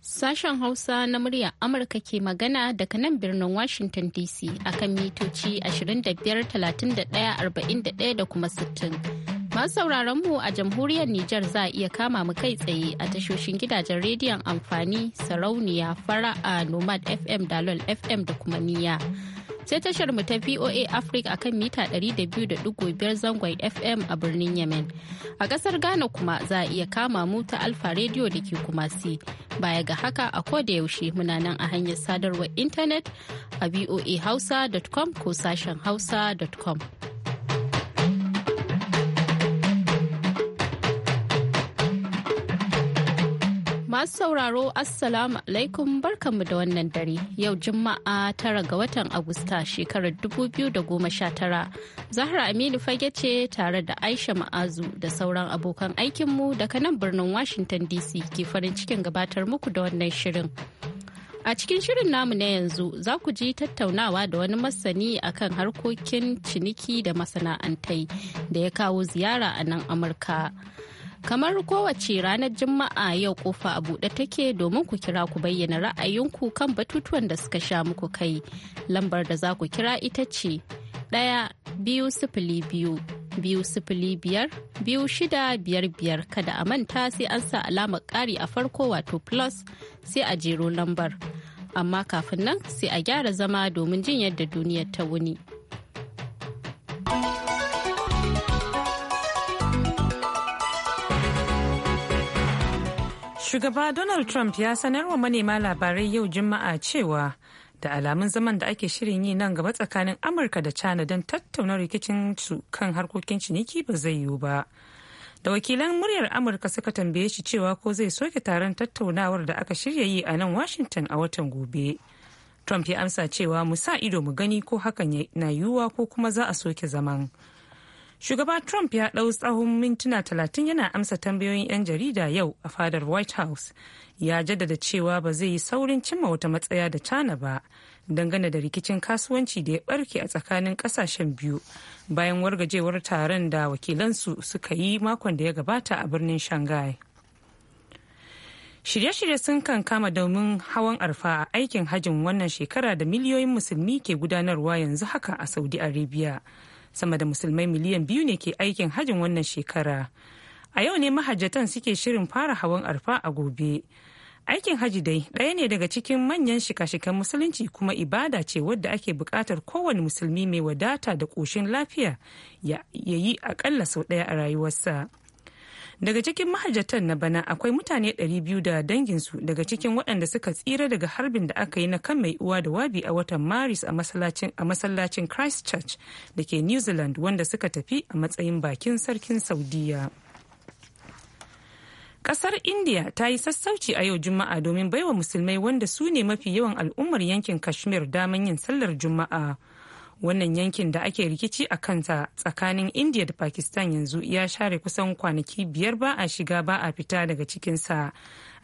Sashen Hausa na murya Amurka ke magana daga nan birnin Washington DC akan mitoci 25, 31, 41 da kuma 60. Masu sauraron mu a jamhuriyar Nijar za a iya kama mu kai tsaye a tashoshin gidajen rediyon amfani sarauniya fara'a Nomad FM Dalol FM da kuma niya. sai tashar mu ta VOA Africa akan mita 200.5 zangon FM a birnin Yemen. A kasar Ghana kuma za a iya kama mu ta Alfa Radio da ke kuma si. Baya ga haka a ko da yaushe muna nan a hanyar sadarwar intanet a voahausa.com ko sashen hausa.com. Masu sauraro Assalamu alaikum barkanmu da wannan dare yau Juma'a tara ga watan Agusta shekarar 2019. Zahra Aminu fage ce tare da Aisha Ma'azu da sauran abokan aikinmu daga nan birnin Washington DC ke farin cikin gabatar muku da wannan shirin. A cikin shirin namu na yanzu za ku ji tattaunawa da wani masani a kan harkokin ciniki da masana'antai da ya kawo ziyara a nan Amurka. Kamar kowace ranar Juma'a yau kofa a buɗe take domin ku kira ku bayyana ra'ayinku kan batutuwan da suka sha muku kai. Lambar da za ku kira ita ce ɗaya biyu sifili biyu biyu sifili biyar biyu shida biyar biyar kada a manta sai an sa alama ƙari a farko wato plus sai a jero lambar. Amma kafin nan sai a gyara zama domin jin yadda duniyar ta wuni. Shugaba Donald Trump ya sanar wa manema labarai yau Juma'a cewa da alamun zaman da ake shirin yi nan gaba tsakanin Amurka da China don tattauna rikicin su kan harkokin ciniki ba zai yiwu ba. Da wakilan muryar Amurka suka tambaye shi cewa ko zai soke taron tattaunawar da aka shirya yi a nan Washington a watan gobe. Trump ya amsa cewa mu sa ido mu gani ko hakan na yiwuwa ko kuma za a soke zaman. shugaba trump ya ɗau tsawon mintuna talatin yana amsa tambayoyin 'yan jarida yau a fadar white house ya jaddada cewa ba zai yi saurin cimma wata matsaya da china ba dangane da rikicin kasuwanci da ya barke a tsakanin kasashen biyu bayan wargajewar taron da wakilansu suka yi makon da ya gabata a birnin shanghai shirye-shirye sun kan kama domin hawan arfa a aikin hajin wannan shekara da miliyoyin musulmi ke gudanarwa yanzu haka a saudi arabia sama da musulmai miliyan biyu ne ke aikin hajjin wannan shekara a yau ne mahajjatan suke shirin fara hawan arfa a gobe aikin haji dai ɗaya ne daga cikin manyan shika-shikan musulunci kuma ibada ce wadda ake buƙatar kowane musulmi mai wadata da ƙoshin lafiya ya yi aƙalla sau ɗaya a rayuwarsa daga cikin mahajjatan na bana akwai mutane 200 da danginsu daga cikin waɗanda suka tsira daga harbin da aka yi na kan mai uwa da wabi a watan maris a masallacin christchurch da ke new zealand wanda suka tafi a matsayin bakin sarkin saudiya kasar india ta yi sassauci a yau juma'a domin baiwa musulmai wanda su ne mafi yawan al'ummar yankin kashmir daman yin sallar juma'a wannan yankin da ake rikici a kanta tsakanin india da pakistan yanzu ya share kusan kwanaki biyar ba a shiga ba a fita daga cikinsa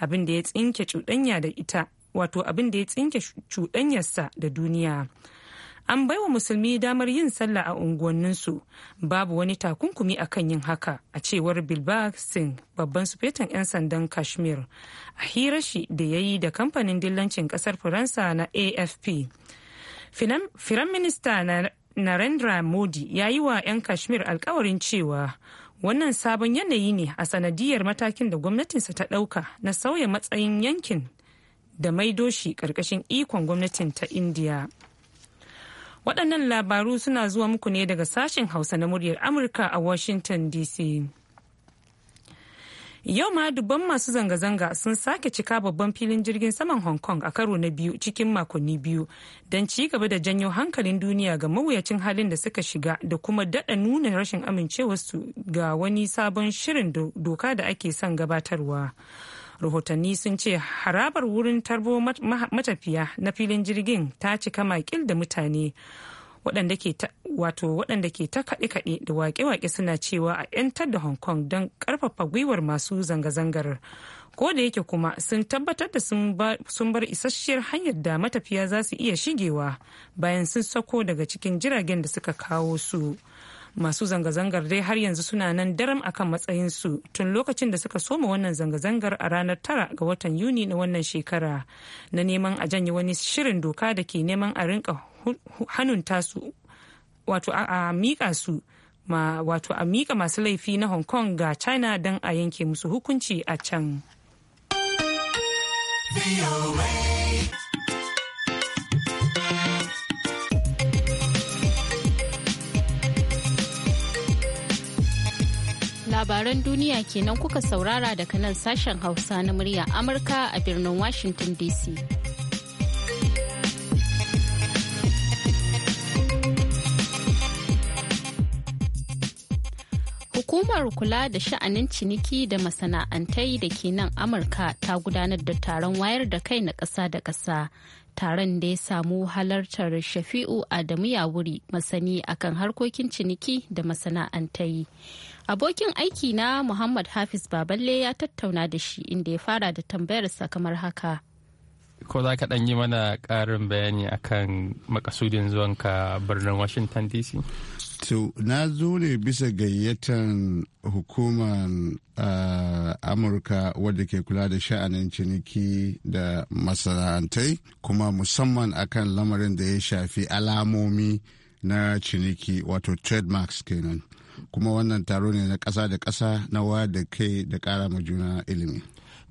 abin da ya tsinke cuɗanya da ita wato abin da ya tsinke cuɗanyarsa da duniya an bai wa musulmi damar yin sallah a unguwanninsu babu wani takunkumi a kan yin haka a cewar bilbao singh babban sufetan 'yan sandan kashmir a hirar shi da ya yi da kamfanin dillancin kasar faransa na afp firaminista Minista Narendra Modi ya yi wa 'yan Kashmir alkawarin cewa wannan sabon yanayi ne a sanadiyar matakin da gwamnatinsa ta ɗauka na sauya matsayin yankin da maido shi ƙarƙashin ikon gwamnatin ta India. Waɗannan labaru suna zuwa muku ne daga sashen Hausa na muryar Amurka a Washington DC. yau ma dubban masu zanga-zanga sun sake cika babban filin jirgin saman hong kong a karo na biyu cikin makonni biyu don ci gaba da janyo hankalin duniya ga mawuyacin halin da suka shiga da kuma dada nuna rashin amincewarsu ga wani sabon shirin doka da ake son gabatarwa rahotanni sun ce harabar wurin tarbo matafiya na filin jirgin ta cika makil da mutane waɗanda ke wato waɗanda ke ta kaɗe-kaɗe da waƙe-waƙe suna cewa a 'yantar da hong kong don ƙarfafa gwiwar masu zanga-zangar ko da yake kuma sun tabbatar da sun bar isasshiyar hanyar da matafiya za su iya shigewa bayan sun sako daga cikin jiragen da suka kawo su. masu zanga-zangar dai har yanzu suna nan daram akan matsayin su tun lokacin da suka soma wannan zanga-zangar a ranar tara ga watan yuni na wannan shekara na neman a janye wani shirin doka da ke neman a rinka hannunta su wato a mika su ma wato a miƙa masu laifi na hong kong ga china don a yanke musu hukunci a can. labaran duniya kenan kuka saurara daga nan sashen Hausa na murya Amurka a birnin Washington DC. Hukumar kula da sha'anin ciniki da masana'antai da ke nan Amurka ta gudanar da taron wayar da kai na ƙasa da ƙasa taron da ya samu halartar shafi'u adamu ya wuri masani akan harkokin ciniki da masana'antai abokin aiki na muhammad hafiz baballe ya tattauna da shi inda ya fara da tambayarsa kamar haka ko za ka ɗan yi mana ƙarin bayani akan makasudin zuwanka birnin washington dc to na zo ne bisa gayyatan hukumar uh, amurka wadda ke kula da sha'anin ciniki da masana'antai kuma musamman akan lamarin da ya shafi alamomi na ciniki wato trademarks kenan kuma wannan taro ne na ƙasa da ƙasa na wayar da kai da ƙara juna ilimi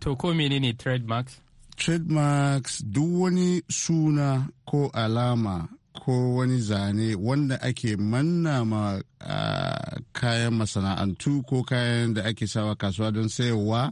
to ko menene trademarks trademarks duk wani suna ko alama ko wani zane wanda ake manna ma kayan masana'antu ko kayan da ake sawa kasuwa don sayarwa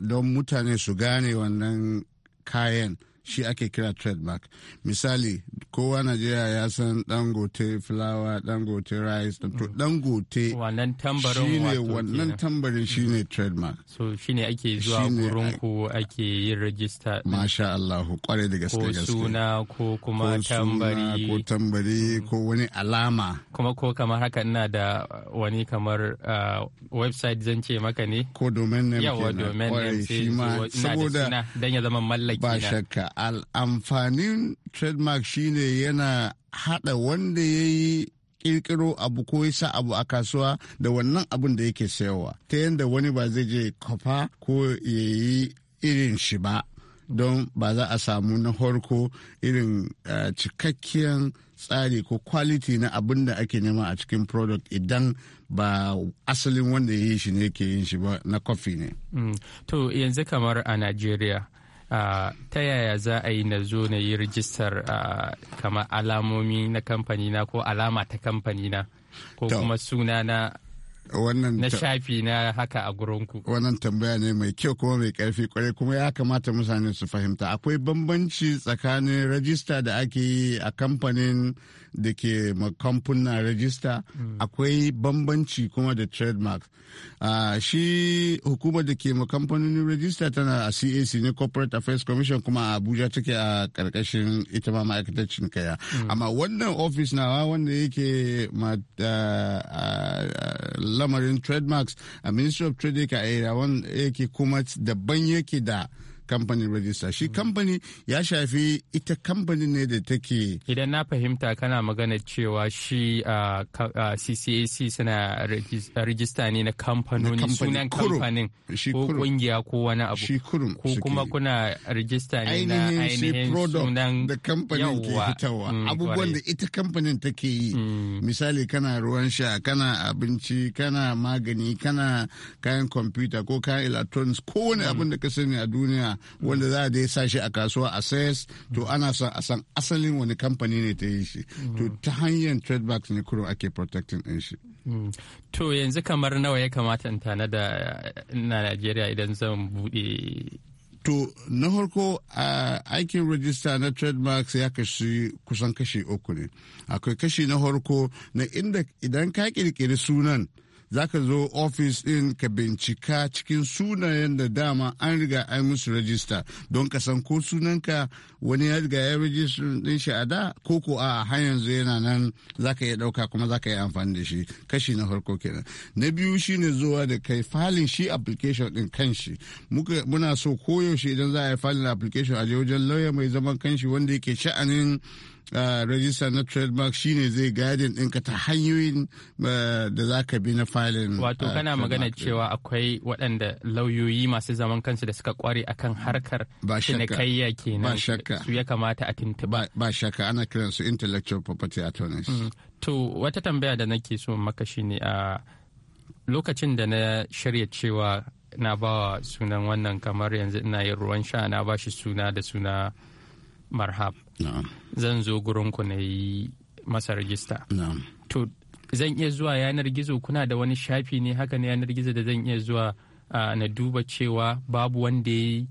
don mutane su gane wannan kayan shi ake kira trademark misali kowa najeriya ya san dangote flower dangote rice to mm. dangote tambarin shine wannan tambarin shine mm. trademark so shine ake zuwa gurin ku ake yin register. masha Allah kware da gaske gaske ko suna ko kuma tambari ko tambari mm. ko wani alama kuma ko kamar haka ina da wani kamar uh, website zan ce maka ne ko domain name yawa domain name sai saboda dan ya zama mallaki ba shakka al'amfanin trademark shine yana hada wanda ya yi kirkiro abu ko ya sa abu a kasuwa da wannan abun da yake sayarwa ta yadda wani ba zai je kofa ko ya yi irin shi ba don ba za a samu na horko irin eh, cikakkiyar tsari ko quality na abin da ake nema a cikin product idan ba asalin wanda ya yi shi ne ke yin shi ba na kofi ne. Mm. to yanzu kamar a Najeriya ta yaya za a yi na zo na yi rijistar kamar alamomi na kamfani na ko alama ta kamfani na ko kuma suna na na shafi na haka a gurinku wannan tambaya ne mai kyau kuma mai karfi kwarai kuma ya kamata mutane su fahimta akwai bambanci tsakanin rajista da ake yi a kamfanin da ke makamfunan rajista hmm. akwai bambanci kuma da trademark ah, shi hukumar da ke makamfanonin rajista tana a cac ne corporate affairs commission kuma a abuja take a karkashin ita ma ma'aikatar kaya. Hmm. amma wannan ofis nawa wanda yake ah, ah, lamarin trademarks a ministry of trade yake a yake kuma daban yake da kamfanin rajista shi kamfani ya shafi ita kamfanin ne da take idan na fahimta kana magana cewa shi ccac uh, uh, suna rajista ne na kamfanoni sunan kamfanin ko kungiya ko wani abu ko kuma kuna rajista ne na ainihin sunan da kamfanin ke fitarwa mm, abubuwan da ita kamfanin take yi mm. misali kana ruwan sha kana abinci kana magani kana kayan kwamfuta ko kayan electronics wani mm. abin da ka sani a duniya wanda za a dai sa shi a kasuwa a sayas to ana son a san asalin wani kamfani ne ta yi shi to ta hanyar trademarks ne kuro ake protecting din shi hmm. to yanzu kamar nawa ya kamata in tana da eh, na najeriya idan zan bude To, na farko eh, aikin rajista na trademarks ya kashi kusan kashi uku ne. Akwai kashi na farko na inda idan ka kirkiri sunan za ka zo ofis din ka bincika cikin sunayen da dama an riga an musu rajista don ka san ko sunanka wani ya riga ya rajista din shi a da ko ko a har yanzu yana nan za ka iya ɗauka kuma za ka yi amfani da shi kashi na farko kenan na biyu shine zuwa da kai falin shi application ɗin kanshi muna so koyaushe idan za a yi falin application a je wajen lauya mai zaman kanshi wanda yake sha'anin register na trademark shine zai gadin ɗinka ta hanyoyin eh, da za ka bi na filin eh, wato kana magana cewa akwai waɗanda lauyoyi masu zaman kansu da suka kware akan harkar cinikayya kenan su ya kamata a tuntuba ba shakka ana kiran su intellectual property attorneys mm. to wata tambaya da nake so maka shine a lokacin da na shirya cewa na bawa sunan wannan kamar yanzu ina yin ruwan sha na ba shi suna da suna marhab zan zo gurinku na yi masa rajista to zan iya zuwa yanar gizo kuna da wani shafi ne haka na yanar gizo da zan iya zuwa na duba cewa babu wanda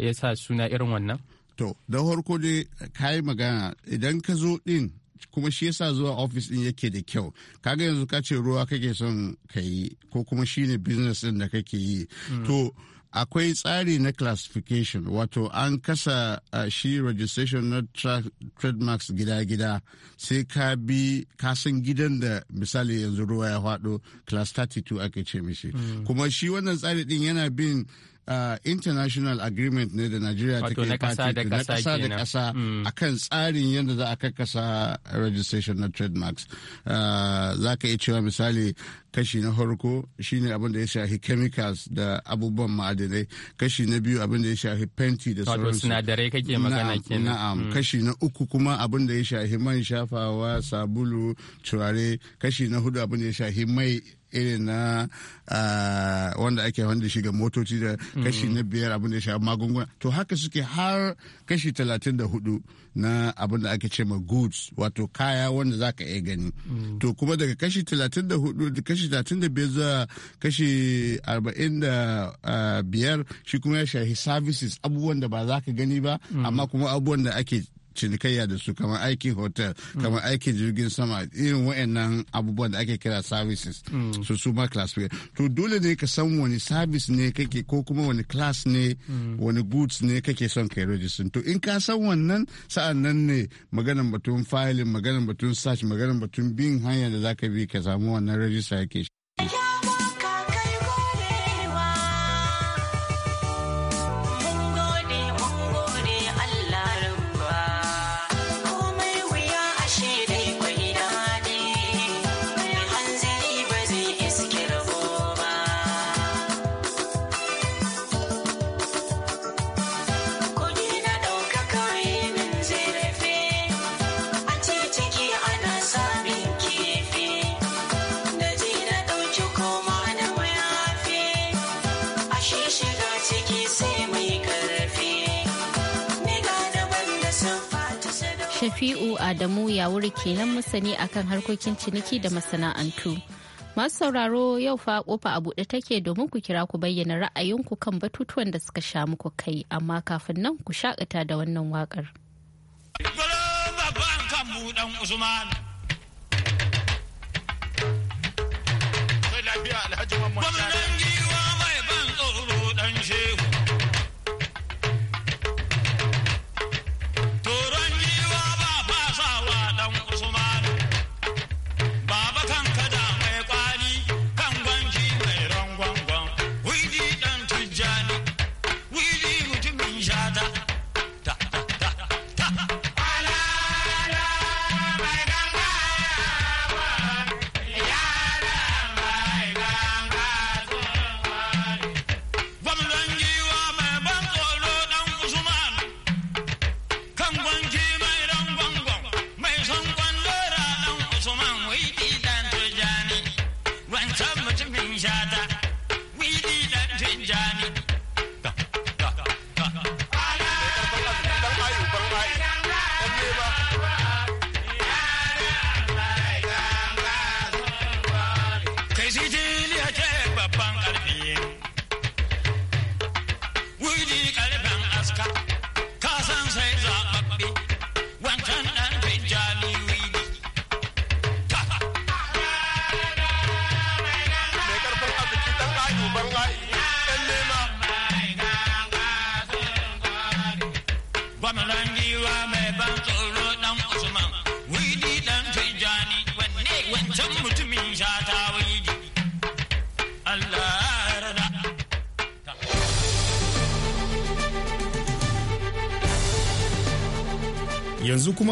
ya sa suna irin wannan to don harko dai ka yi magana idan ka zo din kuma shi yasa zuwa ofis din yake da kyau kaga yanzu ka ce ruwa kake son ka yi ko kuma shine business din da kake yi mm. to akwai tsari na classification wato an kasa shi registration na trademarks gida-gida sai ka bi kasan gidan da misali yanzu ruwa ya faɗo class 32 ake ce mishi mm. kuma shi wannan tsari din yana bin Uh, international agreement ne da Nigeria ta kai party na kasa da kasa mm. a kan tsarin yadda za a kakkasa registration na trademarks. Uh, za ka iya cewa misali kashi na farko shi abin da ya shafi chemicals da abubuwan ma'adinai kashi na biyu abin da ya shafi fenti da sauransu sinadarai kake magana kenan na'am mm. kashi na uku kuma abin da ya shafi man shafawa sabulu turare kashi na hudu abin da ya shafi mai irin na ah, wanda ake wanda shi ga motoci da kashi mm. na biyar abin da ya shafi magunguna to haka suke har kashi talatin da hudu na abin da ake ce ma goods wato kaya wanda za ka iya gani mm. to kuma daga kashi talatin da hudu da kashi talatin da biyar zuwa kashi arba'in da ah, biyar shi kuma ya shafi services abubuwan da ba za ka gani ba mm. amma kuma abubuwan da ake cinikayya da su kamar aikin hotel kamar aikin jirgin sama irin wa'annan abubuwan da ake kira services mm. su su ma class pay to dole ne ka san wani service ne kake ko kuma wani class ne mm. wani goods ne kake son kai register to in ka san wannan sa'an nan ne maganan batun filing maganan batun search maganan batun bin hanya da zaka bi ka samu wannan register yake Rafi'u Adamu ya wuri kenan masani akan harkokin ciniki da masana'antu. Masu sauraro yau fa kofa a buɗe take domin ku kira ku bayyana ra'ayinku kan batutuwan da suka sha muku kai amma kafin nan ku shakata da wannan waƙar. Gwamnan Jani.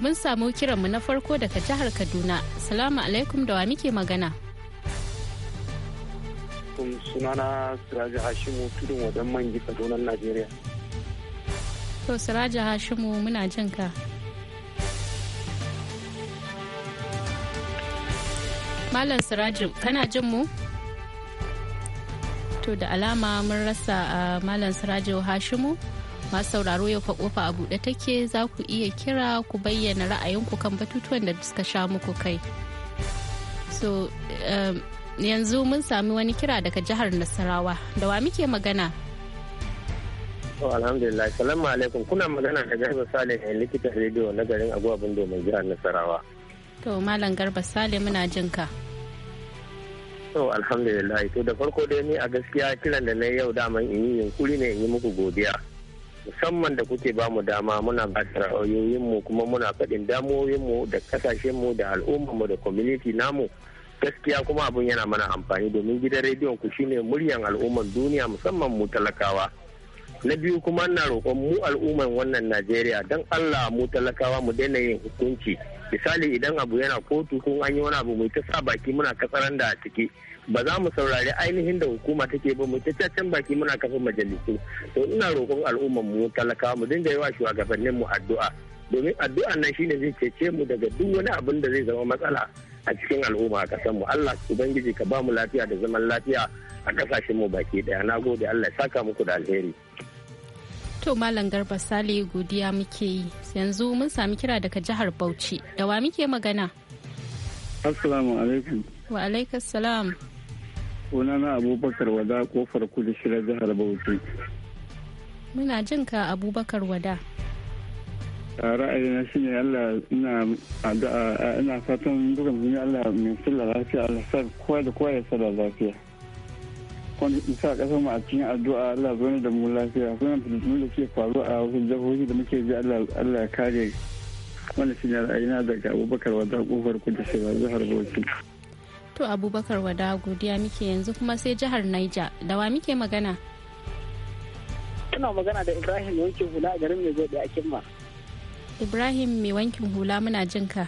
mun samu kiranmu na farko daga jihar Kaduna. Salamu alaikum da wa muke magana. sunana Siraji Hashimu tudun wajen mangi Kaduna Najeriya. To Siraji Hashimu muna jin ka. Malam Siraji kana jin mu? To da alama mun rasa ah, Malam Siraji Hashimu. masu sauraro yau fa kofa a buɗe take za ku iya kira ku bayyana ra'ayinku kan batutuwan da suka sha muku kai so um, yanzu mun sami wani kira daga jihar nasarawa da wa muke magana Oh, alhamdulillah salamu alaikum kuna magana da garba sale a eh, likitan rediyo na garin da mai jihar nasarawa to malam garba sale muna jin ka to alhamdulillah to da farko dai ni a gaskiya kiran da na yau daman in yi yunkuri ne in yi muku godiya musamman da kuke ba mu dama muna ba ta ra'ayoyinmu kuma muna faɗin mu da kasashenmu da mu da community namu gaskiya kuma abun yana mana amfani domin gidan rediyon ku shine muryan al'umman duniya musamman mu talakawa na biyu kuma na roƙon mu al'umman wannan najeriya don allah mu talakawa mu daina yin hukunci misali idan abu yana kotu kun an yi wani abu mai ta sa baki muna katsaran da a ciki ba za mu saurari ainihin da hukuma take ba mu taccen baki muna kafin majalisu to ina roƙon al'ummar mu talakawa mu dinga yawa wa shugabannin mu addu'a domin addu'a nan shine zai cece mu daga duk wani abin da zai zama matsala a cikin al'umma a ƙasar mu Allah ubangiji ka ba mu lafiya da zaman lafiya a ƙasashen mu baki daya nagode Allah ya saka muku da alheri to malam garba sale godiya muke yi yanzu mun sami kira daga jihar Bauchi da wa muke magana assalamu alaikum wa alaikassalam salam na abubakar wada kofar kudu shirar jihar bauchi muna jin ka abubakar wada a ra'ayina shi ne allah ina fatan ina fatan yi allah mai sulla lafiya allah sa kowa da kowa ya sada lafiya wanda sa kasar mu a cikin addu'a allah zo da mu lafiya suna fitattun da ke faru a wasu jihohi da muke ji allah kare wanda shi ne ra'ayina daga abubakar wada kofar kudu shirar jihar bauchi To Abubakar Wada godiya muke yanzu kuma sai jihar naija da wa muke magana? da Ibrahim mai wankin hula a garin Mai da a ba. Ibrahim mai wankin hula muna jin ka.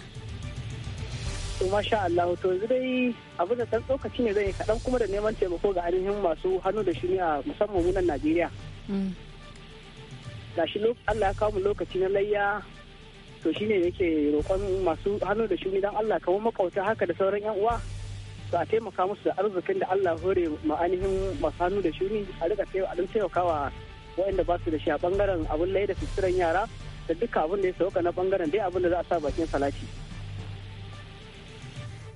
To masha Allah to yanzu dai abin da san tsokaci ne zan yi kaɗan kuma da neman taimako ga ainihin masu hannu da shuni a musamman munan Najeriya. Mm. shi Allah ya kawo mu lokaci na layya to shine yake roƙon masu hannu da shuni don Allah kawo makauta haka da sauran 'yan uwa su a taimaka musu da arzikin da Allah hore ma ainihin masu hannu da shuni a rika a taimakawa waɗanda ba su da shi a bangaren abin laida fitiran yara da duka abin da ya sauka na bangaren dai abin da za a sa bakin salati.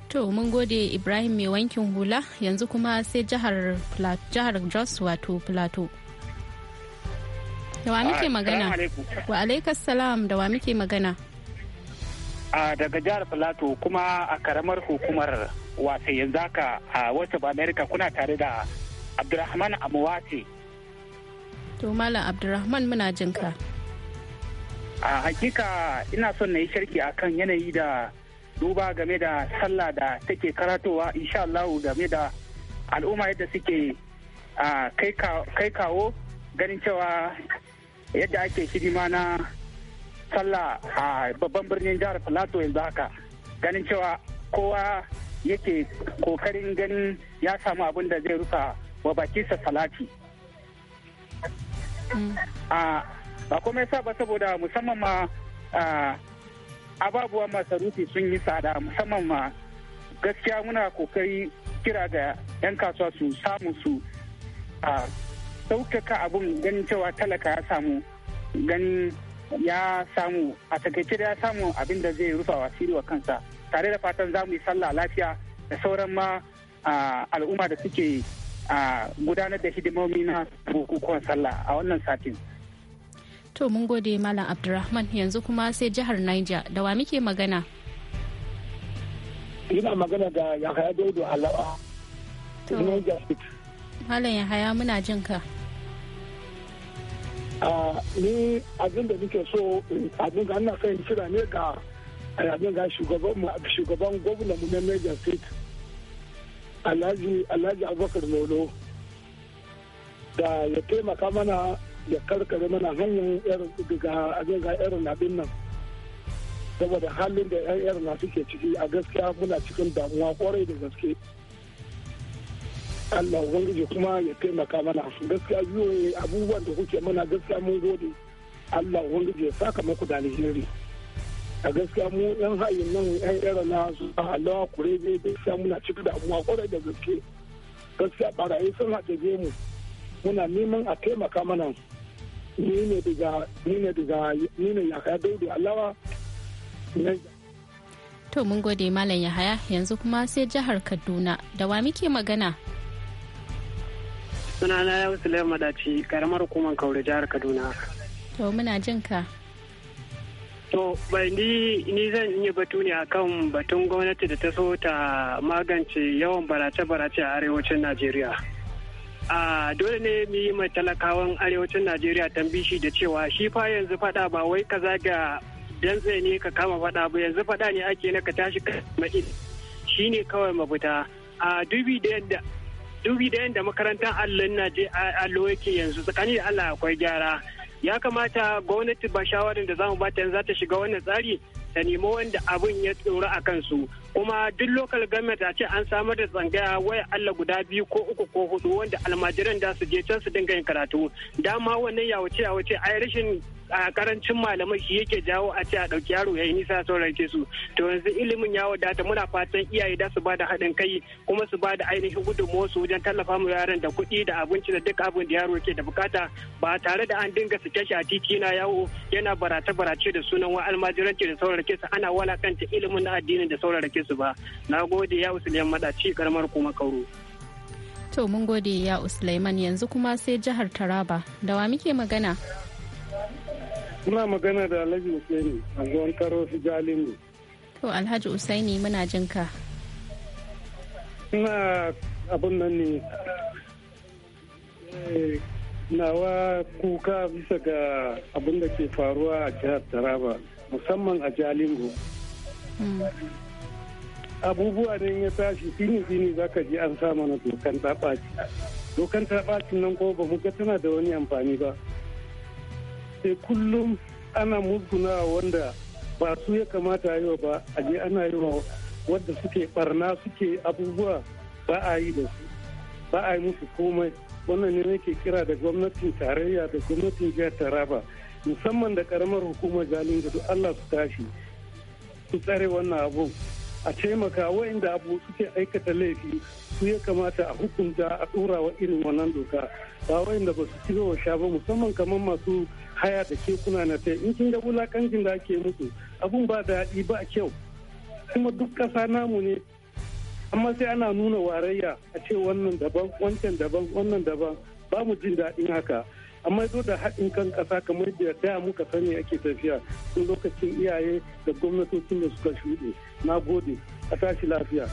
To mun gode Ibrahim mai wankin hula yanzu kuma sai jihar jihar Jos wato Plateau. Da wa muke ah, magana? Wa alaikas salam da wa muke magana? a daga jihar filato kuma a karamar hukumar wasa yanzu haka a ba America kuna tare da Abdulrahman amuwati To Malam Abdulrahman muna jin A hakika ina son na yi sharki akan yanayi da duba game da sallah da take karatowa insha Allah game da al'umma yadda suke kai kawo ganin cewa yadda ake hidima na sallah a babban birnin jihar plateau yanzu haka ganin cewa kowa yake kokarin ganin ya samu abin da zai rufa wa bakinsa salati a ba kuma yasa ba saboda musamman ma ababuwan masarufi sun yi tsada musamman ma gaskiya muna kokari kira ga 'yan kasuwa su samu su a sauƙaƙa abin ganin cewa talaka ya samu ganin ya samu a takaice da ya samu abin da zai rufa wasiri wa kansa tare da fatan za mu yi sallah lafiya da sauran ma al'umma da suke gudanar da hidimomi na bukukuwan sallah a wannan satin. To mun gode Malam Abdulrahman yanzu kuma sai jihar Niger da wa muke magana? Ina magana da Yahaya Dodo Alawa. To. Malam Yahaya muna jin ka. ni abin da nake so eh, abin ga ina son kira ne ga eh, abin ga shugaban mu shugaban gwamnan mu na Major State Alhaji Alhaji Abubakar Lolo da ya taimaka mana ya karkare mana hanyar daga abin ga irin abin nan saboda halin da 'yan irin na suke ciki a gaskiya muna cikin damuwa kwarai da gaske. Allah ubangiji kuma ya taimaka mana gaskiya biyo abubuwan da kuke mana gaskiya mun gode Allah ubangiji ya saka muku da alheri a gaskiya mu yan hayin nan yan era na su Allah kure ne gaskiya muna cika da abuwa kwarai da gaske gaskiya barayi sun haɗe mu muna neman a taimaka mana ni ne daga ni ne daga ni ne ya kai daudu alawa to mun gode malam yahaya yanzu kuma sai jihar kaduna da wa muke magana suna na yau sulaim madaci karamar hukumar kaure jihar kaduna to muna jin ka to bai ni zan yi batu ne akan batun gwamnati da ta so ta magance yawan barace-barace a arewacin najeriya a dole ne mu yi mai talakawan arewacin najeriya tambishi da cewa shi fa yanzu fada ba wai ka zaga dantse ne ka kama fada ba yanzu fada ne ake na ka tashi ka shi ne kawai mafita a dubi da yadda dubi da yadda makarantar allo yake yanzu tsakanin da allah akwai gyara ya kamata gwamnati ba shawarin da zamu bata yanzu za ta shiga wannan tsari ta nemi wanda abin ya tsoro a kansu kuma duk lokal government a ce an samar da tsangaya waya Allah guda biyu ko uku ko hudu wanda almajiran da su je can su dinga yin karatu dama wannan ya wuce ya wuce ai rashin a karancin malamai shi yake jawo a ce a ɗauki yaro ya yi nisa saurance su to yanzu ilimin ya wadata muna fatan iyaye da su ba da haɗin kai kuma su ba da ainihin gudunmuwar su wajen tallafa mu yaran da kuɗi da abinci da duk abin da yaro ke da bukata ba tare da an dinga su kashe a titi na yawo yana barace barace da sunan wa almajiranci da saurarake su ana walakanta ilimin na addinin da saurarake su ba na gode ya usuliyan madaci karamar kuma kauro. To mun gode ya Usulaiman yanzu kuma sai jihar Taraba da wa muke magana? Muna magana da Alhaji Usaini a zuwan karo su ne. To Alhaji Usaini muna jin ka. Ina abin nan ne eh, nawa kuka bisa ga abin da ke faruwa a jihar Taraba musamman a Jalingo. Hmm. Abubuwa ne ya tashi fini-fini za ka ji an sa mana dokan taɓaci. Dokan taɓacin nan ko ba mu ga tana da wani amfani ba. sai kullum ana musguna wanda ba su ya kamata yi ba a je ana yi wa wadda suke barna suke abubuwa ba a yi da su ba a yi musu komai wannan ne nake kira da gwamnatin tarayya da gwamnatin jihar taraba musamman da karamar hukumar jalingo duk allah su tashi su tsare wannan abu a taimaka waɗanda abu suke aikata laifi su ya kamata a hukunta a tsura wa irin wannan doka ba waɗanda ba su cire wa sha ba musamman kamar masu haya da ke kuna na ta in kin ga wulakancin da ake musu abun ba daɗi ba kyau kuma duk ƙasa namu ne amma sai ana nuna warayya a ce wannan daban wancan daban wannan daban ba mu jin daɗin haka a zo da haɗin kan ƙasa kamar da da muka sani ake tafiya tun lokacin iyaye da gwamnatocin da suka shuɗe na gode a tashi lafiya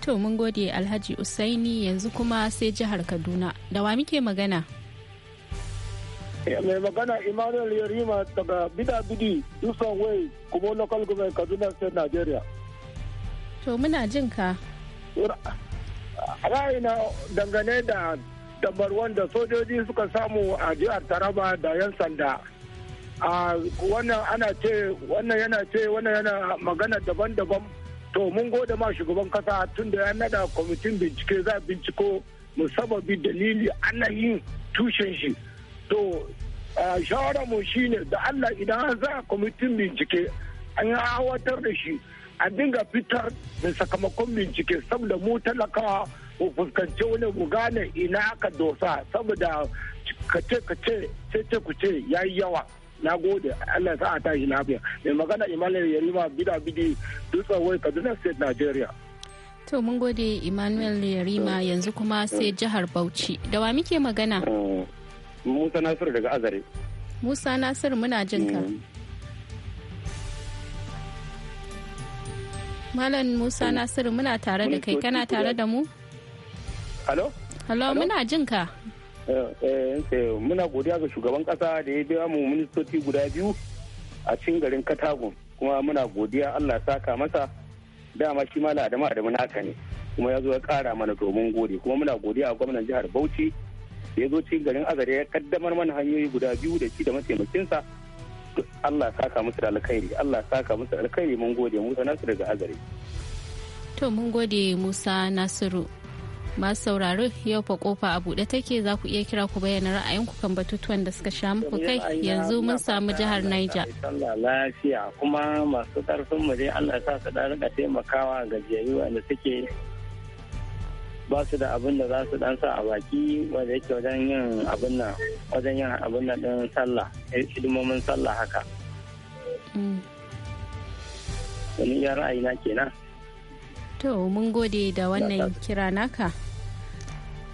to mun gode alhaji usaini yanzu kuma sai jihar kaduna da wa muke magana eh, mai magana emmanuel yarima daga bidabidi dusan wai kuma local government kaduna state nigeria to muna jin ka ra'ayi na dangane da tabbar wanda sojoji suka samu a jihar taraba da 'yan sanda a wannan ana ce wannan yana ce wannan yana magana daban-daban to mun gode ma shugaban kasa tun da ya nada kwamitin bincike za binciko musababi dalili ana yin tushen shi to shawara mu shine da allah idan an za kwamitin bincike an hawatar da shi a dinga fitar da sakamakon bincike saboda mu talakawa ku fuskanci wani ku gane ina aka dosa saboda kace kace ce ce ku ce ya yi yawa na gode Allah ya sa a tashi lafiya mai magana Emmanuel Yarima bida bidi dutsen wai Kaduna State Nigeria To mun gode Emmanuel Yarima yanzu kuma sai jihar Bauchi da wa muke magana eh, Musa Nasiru daga Azare Musa Nasiru muna jin ka mm. Malam Musa Nasiru muna tare da kai kana tare da mu? Halo? Halo, muna jin ka. Eh, eh, muna godiya ga shugaban kasa da ya biya mu ministoci guda biyu a cikin garin katago kuma muna godiya Allah saka masa dama shi ma ladama Adamu naka ne kuma ya zo ya kara mana domin gode kuma muna godiya a gwamnan jihar Bauchi da ya zo cikin garin Azare ya kaddamar mana hanyoyi guda biyu da shi da mataimakinsa Allah saka musu da alkhairi Allah saka musu alkhairi mun gode Musa Nasiru daga Azare. To mun gode Musa Nasiru masu sauraro yau fa kofa a buɗe take za ku iya kira ku bayyana ra'ayinku kan batutuwan da suka sha muku kai yanzu mun samu jihar Niger. lafiya kuma masu karfin mu dai Allah sa su dan rika taimakawa ga jami'u wanda suke ba su da abin da za su dan sa a baki wanda yake wajen yin abin nan wajen yin abin nan din sallah eh, hidimomin sallah haka. Wani mm. ya ra'ayi na kenan. To mun gode da wannan kira naka.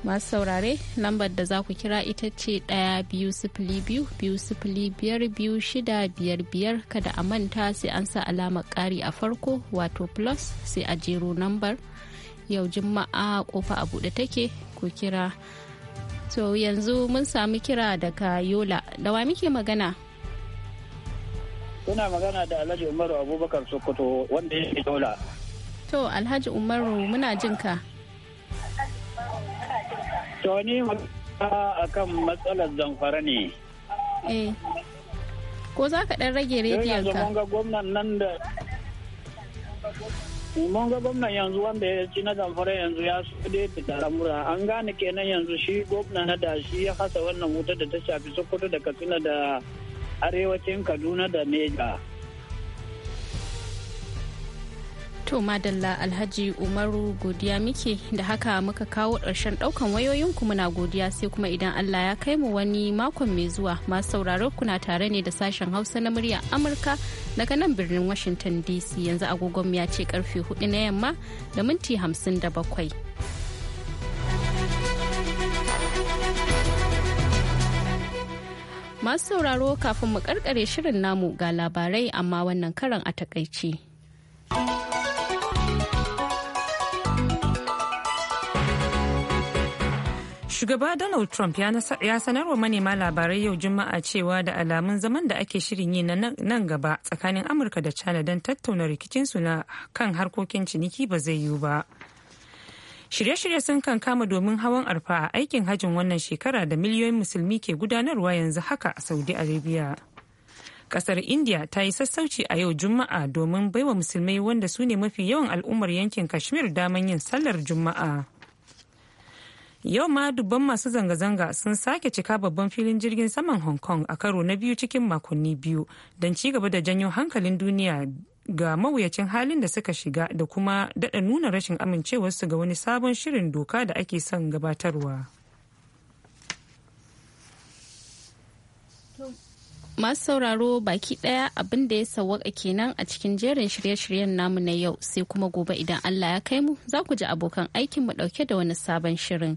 masu saurare lambar da za ku kira ita ce ɗaya biyu sifili biyu biyu sifili biyar biyu shida biyar biyar kada a manta sai an sa alamar ƙari a farko wato plus sai a jero lambar yau juma'a kofa a buɗe take ku kira to yanzu mun sami kira daga yola da wa muke magana Kuna magana da Alhaji Umaru Abubakar Sokoto wanda yake yola. To Alhaji Umaru muna jinka. ka. To ni a kan matsalar zamfara ne. Eh. Ko za ka ɗan rage rediyon ka? Mun ga gwamnan yanzu wanda ya ci na zamfara yanzu ya su da tara an gane kenan yanzu shi gwamna na da shi ya hasa wannan wuta da ta shafi sokoto da katsina da arewacin kaduna da neja. To Madalla Alhaji Umaru godiya muke da haka muka kawo ƙarshen ɗaukan wayoyin wayoyinku muna godiya sai kuma idan Allah ya kai mu wani makon mai zuwa masu sauraro kuna tare ne da sashen Hausa na murya Amurka daga nan birnin Washington DC yanzu agogon ya ce karfe hudu na yamma da minti hamsin da bakwai. Masu sauraro kafin mu karkare shirin namu ga labarai amma wannan karan a takaici. Shugaba Donald Trump ya sanar wa manema labarai yau Juma'a cewa da alamun zaman da ake shirin yi na nan gaba tsakanin Amurka da China don tattauna rikicinsu na kan harkokin ciniki ba zai yiwu ba. Shirye-shirye sun kan kama domin hawan arfa a aikin hajjin wannan shekara da miliyoyin musulmi ke gudanarwa yanzu haka a Saudi Arabia. Kasar India ta yi sassauci a yau Juma'a domin baiwa musulmai wanda su ne mafi yawan al'ummar yankin Kashmir damar yin sallar Juma'a. yau ma dubban masu zanga-zanga sun sake cika babban filin jirgin saman hong kong a karo na biyu cikin makonni biyu don ci gaba da janyo hankalin duniya ga mawuyacin halin da suka shiga da kuma dada nuna rashin amincewarsu ga wani sabon shirin doka da ake son gabatarwa. masu sauraro baki daya abin da ya sawwaka kenan a cikin jerin shirye-shiryen namu na yau sai kuma gobe idan Allah ya kai mu za ku ji abokan aikinmu dauke da wani sabon shirin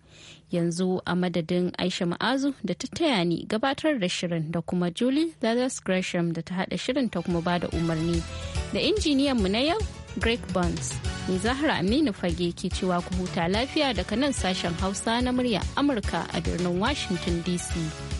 yanzu a madadin aisha ma'azu da ta taya ni gabatar da shirin da kuma julie lazarus gresham da ta hada shirin ta kuma bada umarni da injiniyan mu na yau greg burns ni zahra aminu fage ke cewa ku huta lafiya daga nan sashen hausa na murya amurka a birnin washington dc